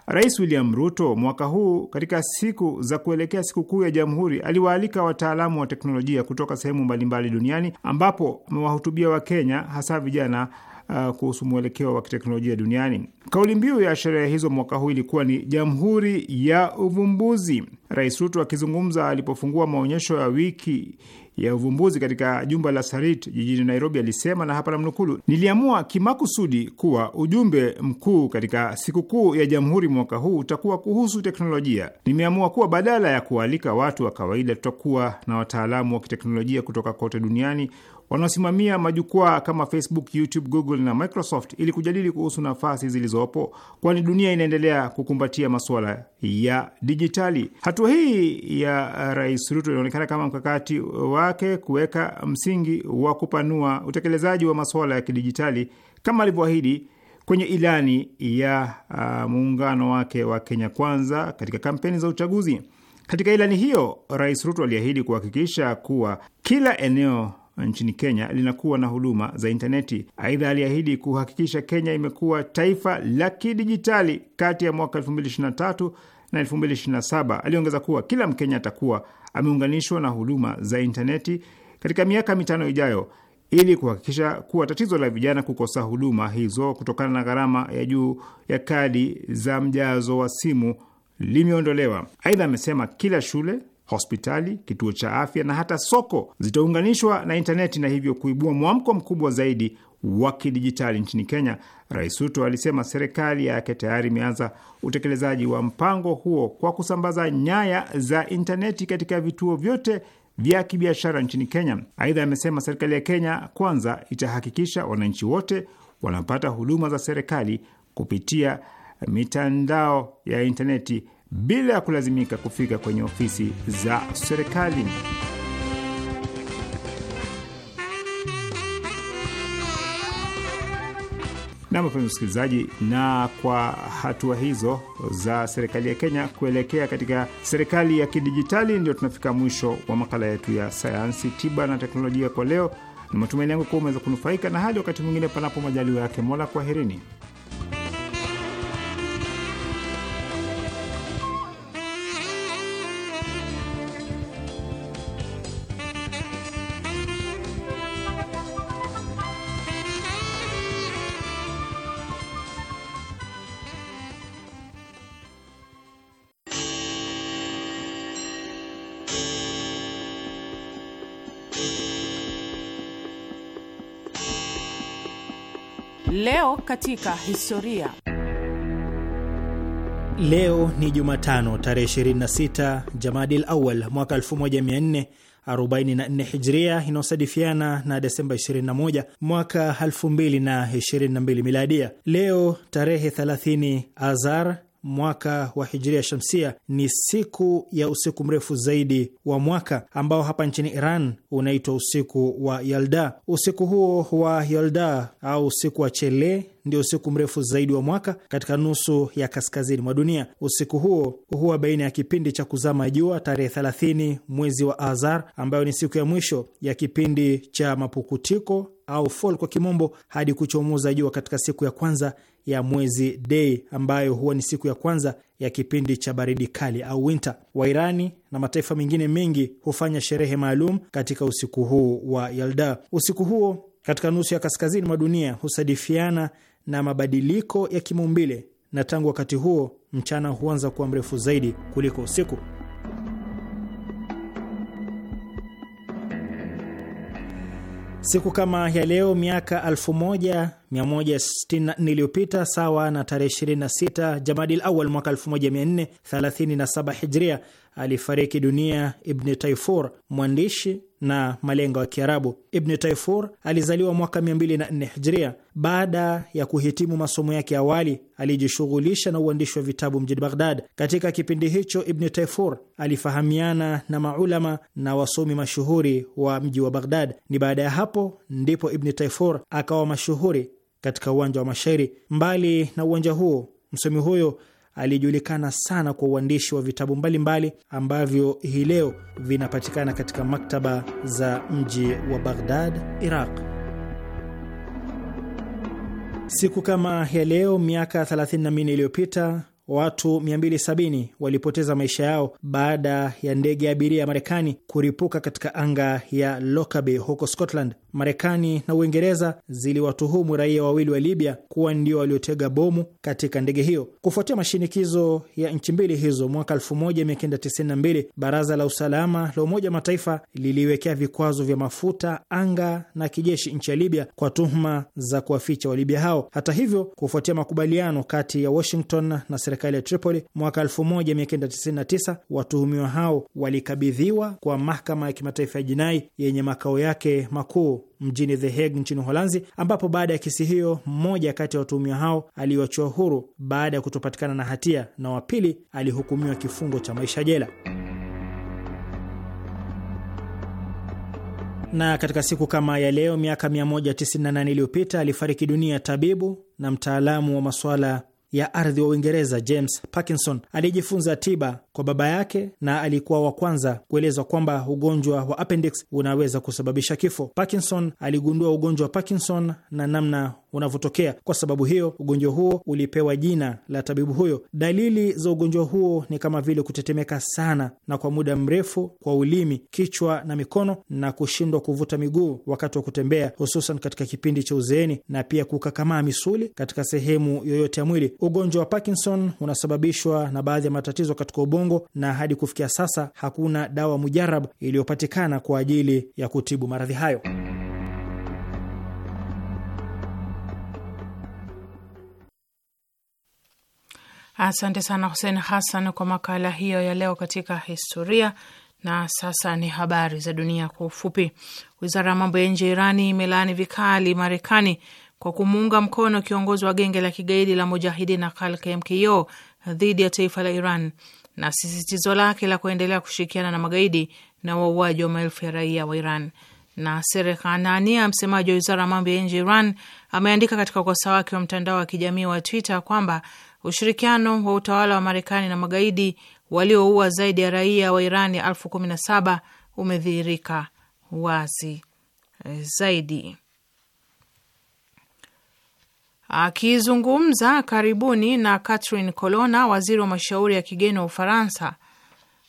Rais William Ruto mwaka huu katika siku za kuelekea sikukuu ya Jamhuri aliwaalika wataalamu wa teknolojia kutoka sehemu mbalimbali duniani, ambapo amewahutubia Wakenya hasa vijana Uh, kuhusu mwelekeo wa kiteknolojia duniani. Kauli mbiu ya sherehe hizo mwaka huu ilikuwa ni Jamhuri ya Uvumbuzi. Rais Ruto akizungumza alipofungua maonyesho ya wiki ya uvumbuzi katika jumba la Sarit jijini Nairobi alisema, na hapa namnukulu: niliamua kimakusudi kuwa ujumbe mkuu katika sikukuu ya Jamhuri mwaka huu utakuwa kuhusu teknolojia. Nimeamua kuwa badala ya kualika watu wa kawaida, tutakuwa na wataalamu wa kiteknolojia kutoka kote duniani wanaosimamia majukwaa kama Facebook, YouTube, Google na Microsoft ili kujadili kuhusu nafasi zilizopo, kwani dunia inaendelea kukumbatia masuala ya dijitali. Hatua hii ya Rais Ruto inaonekana kama mkakati wake kuweka msingi wa kupanua utekelezaji wa masuala ya kidijitali kama alivyoahidi kwenye ilani ya uh, muungano wake wa Kenya Kwanza katika kampeni za uchaguzi. Katika ilani hiyo, Rais Ruto aliahidi kuhakikisha kuwa kila eneo nchini Kenya linakuwa na huduma za intaneti. Aidha, aliahidi kuhakikisha Kenya imekuwa taifa la kidijitali kati ya mwaka 2023 na 2027. Aliongeza kuwa kila Mkenya atakuwa ameunganishwa na huduma za intaneti katika miaka mitano ijayo ili kuhakikisha kuwa tatizo la vijana kukosa huduma hizo kutokana na gharama ya juu ya kadi za mjazo wa simu limeondolewa. Aidha, amesema kila shule hospitali, kituo cha afya na hata soko zitaunganishwa na intaneti na hivyo kuibua mwamko mkubwa zaidi wa kidijitali nchini Kenya. Rais Ruto alisema serikali yake tayari imeanza utekelezaji wa mpango huo kwa kusambaza nyaya za intaneti katika vituo vyote vya kibiashara nchini Kenya. Aidha, amesema serikali ya Kenya kwanza itahakikisha wananchi wote wanapata huduma za serikali kupitia mitandao ya intaneti bila ya kulazimika kufika kwenye ofisi za serikali. Na mpenzi msikilizaji, na kwa hatua hizo za serikali ya Kenya kuelekea katika serikali ya kidijitali, ndio tunafika mwisho wa makala yetu ya sayansi, tiba na teknolojia kwa leo, na matumaini yangu kuwa umeweza kunufaika. Na hadi wakati mwingine, panapo majaliwa yake Mola, kwaherini.
Leo katika historia.
Leo ni Jumatano tarehe 26 Jamadil Awal mwaka 1444 Hijria, inayosadifiana na Desemba 21 mwaka 2022 Miladia. Leo tarehe 30 Azar mwaka wa hijiria shamsia ni siku ya usiku mrefu zaidi wa mwaka ambao hapa nchini Iran unaitwa usiku wa Yalda. Usiku huo wa Yalda au usiku wa chele ndio usiku mrefu zaidi wa mwaka katika nusu ya kaskazini mwa dunia. Usiku huo huwa baina ya kipindi cha kuzama jua tarehe 30 mwezi wa Azar, ambayo ni siku ya mwisho ya kipindi cha mapukutiko au fall kwa kimombo hadi kuchomoza jua katika siku ya kwanza ya mwezi Dei, ambayo huwa ni siku ya kwanza ya kipindi cha baridi kali au winter. Wairani na mataifa mengine mengi hufanya sherehe maalum katika usiku huu wa Yalda. Usiku huo katika nusu ya kaskazini mwa dunia husadifiana na mabadiliko ya kimaumbile, na tangu wakati huo mchana huanza kuwa mrefu zaidi kuliko usiku. Siku kama ya leo miaka 164 iliyopita sawa na tarehe 26 Jamadil Awal mwaka 1437 Hijria, alifariki dunia Ibni Tayfur, mwandishi na malenga wa Kiarabu. Ibni Tayfur alizaliwa mwaka 204 Hijria. Baada ya kuhitimu masomo yake awali, alijishughulisha na uandishi wa vitabu mjini Baghdad. Katika kipindi hicho, Ibni Tayfur alifahamiana na maulama na wasomi mashuhuri wa mji wa Baghdad. Ni baada ya hapo ndipo Ibni Tayfur akawa mashuhuri katika uwanja wa mashairi. Mbali na uwanja huo, msomi huyo alijulikana sana kwa uandishi wa vitabu mbalimbali mbali ambavyo hii leo vinapatikana katika maktaba za mji wa Baghdad, Iraq. Siku kama ya leo miaka 34 iliyopita watu 270 walipoteza maisha yao baada ya ndege ya abiria ya Marekani kuripuka katika anga ya Lockerbie huko Scotland. Marekani na Uingereza ziliwatuhumu raia wawili wa Libya kuwa ndio waliotega bomu katika ndege hiyo. Kufuatia mashinikizo ya nchi mbili hizo, mwaka 1992 Baraza la Usalama la Umoja wa Mataifa liliwekea vikwazo vya mafuta, anga na kijeshi nchi ya Libya kwa tuhuma za kuwaficha Walibya hao. Hata hivyo, kufuatia makubaliano kati ya Washington na serikali ya Tripoli mwaka 1999, watuhumiwa hao walikabidhiwa kwa mahakama ya kimataifa ya jinai yenye makao yake makuu mjini The Hague nchini Uholanzi, ambapo baada ya kesi hiyo mmoja kati ya watuhumiwa hao aliwachiwa huru baada ya kutopatikana na hatia na wa pili alihukumiwa kifungo cha maisha jela. na katika siku kama ya leo miaka 198 iliyopita alifariki dunia tabibu na mtaalamu wa masuala ya ardhi wa Uingereza James Parkinson aliyejifunza tiba kwa baba yake na alikuwa wa kwanza kuelezwa kwamba ugonjwa wa appendix unaweza kusababisha kifo. Parkinson aligundua ugonjwa wa Parkinson na namna unavyotokea. Kwa sababu hiyo, ugonjwa huo ulipewa jina la tabibu huyo. Dalili za ugonjwa huo ni kama vile kutetemeka sana na kwa muda mrefu kwa ulimi, kichwa na mikono, na kushindwa kuvuta miguu wakati wa kutembea, hususan katika kipindi cha uzeeni, na pia kukakamaa misuli katika sehemu yoyote ya mwili. Ugonjwa wa Parkinson unasababishwa na baadhi ya matatizo katika ubongo, na hadi kufikia sasa hakuna dawa mujarab iliyopatikana kwa ajili ya kutibu maradhi hayo.
Asante sana Hussein Hassan kwa makala hiyo ya leo katika historia. Na sasa ni habari za dunia kwa ufupi. Wizara ya mambo ya nje ya Irani imelaani vikali Marekani kwa kumuunga mkono kiongozi wa genge la kigaidi la Mujahidin na Khalq MKO dhidi ya taifa la Iran na sisitizo lake la kuendelea kushirikiana na magaidi na wauaji wa maelfu ya raia wa Iran. Naser Kanania, msemaji wa wizara ya mambo ya nje Iran, ameandika katika ukurasa wake wa mtandao wa kijamii wa Twitter kwamba ushirikiano wa utawala wa Marekani na magaidi walioua zaidi ya raia wa iran elfu kumi na saba umedhihirika wazi zaidi. Akizungumza karibuni na Catherine Colonna, waziri wa mashauri ya kigeni wa Ufaransa,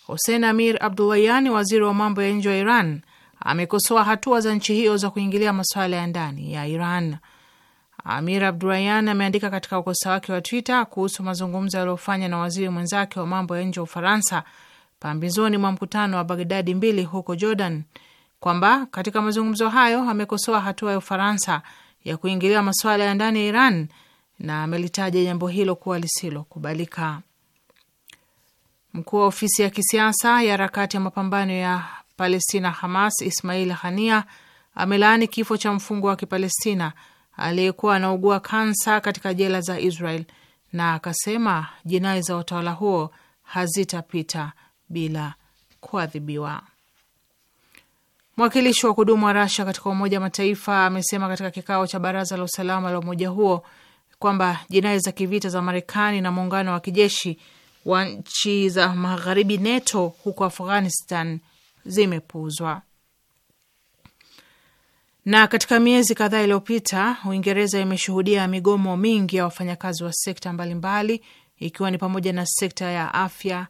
Hossein Amir abdulayan waziri wa mambo ya nje wa Iran, amekosoa hatua za nchi hiyo za kuingilia masuala ya ndani ya Iran. Amir Abdurayan ameandika katika ukosa wake wa Twitter kuhusu mazungumzo yaliyofanya na waziri mwenzake wa mambo ya nje wa Ufaransa pambizoni mwa mkutano wa Bagdadi mbili huko Jordan kwamba katika mazungumzo hayo amekosoa hatua ya Ufaransa ya kuingilia masuala ya ndani ya Iran na amelitaja jambo hilo kuwa lisilokubalika. Mkuu wa ofisi ya kisiasa ya harakati ya mapambano ya Palestina Hamas Ismail Hania amelaani kifo cha mfungwa wa Kipalestina aliyekuwa anaugua kansa katika jela za Israel na akasema jinai za utawala huo hazitapita bila kuadhibiwa. Mwakilishi wa kudumu wa Rasha katika Umoja wa Mataifa amesema katika kikao cha baraza la usalama la umoja huo kwamba jinai za kivita za Marekani na muungano wa kijeshi wa nchi za magharibi NATO huko Afghanistan zimepuuzwa. Na katika miezi kadhaa iliyopita, Uingereza imeshuhudia migomo mingi ya wafanyakazi wa sekta mbalimbali, ikiwa ni pamoja na sekta ya afya,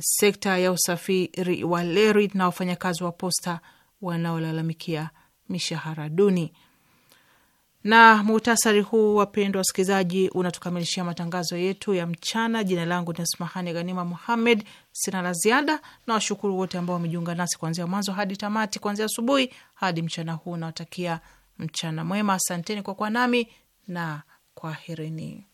sekta ya usafiri wa reli na wafanyakazi wa posta wanaolalamikia mishahara duni. Na muhtasari huu, wapendwa wasikilizaji, unatukamilishia matangazo yetu ya mchana. Jina langu ni Asmahani Ghanima Muhammed. Sina la ziada na washukuru wote ambao wamejiunga nasi kuanzia mwanzo hadi tamati, kuanzia asubuhi hadi mchana huu. Nawatakia mchana mwema, asanteni kwa kuwa nami na kwaherini.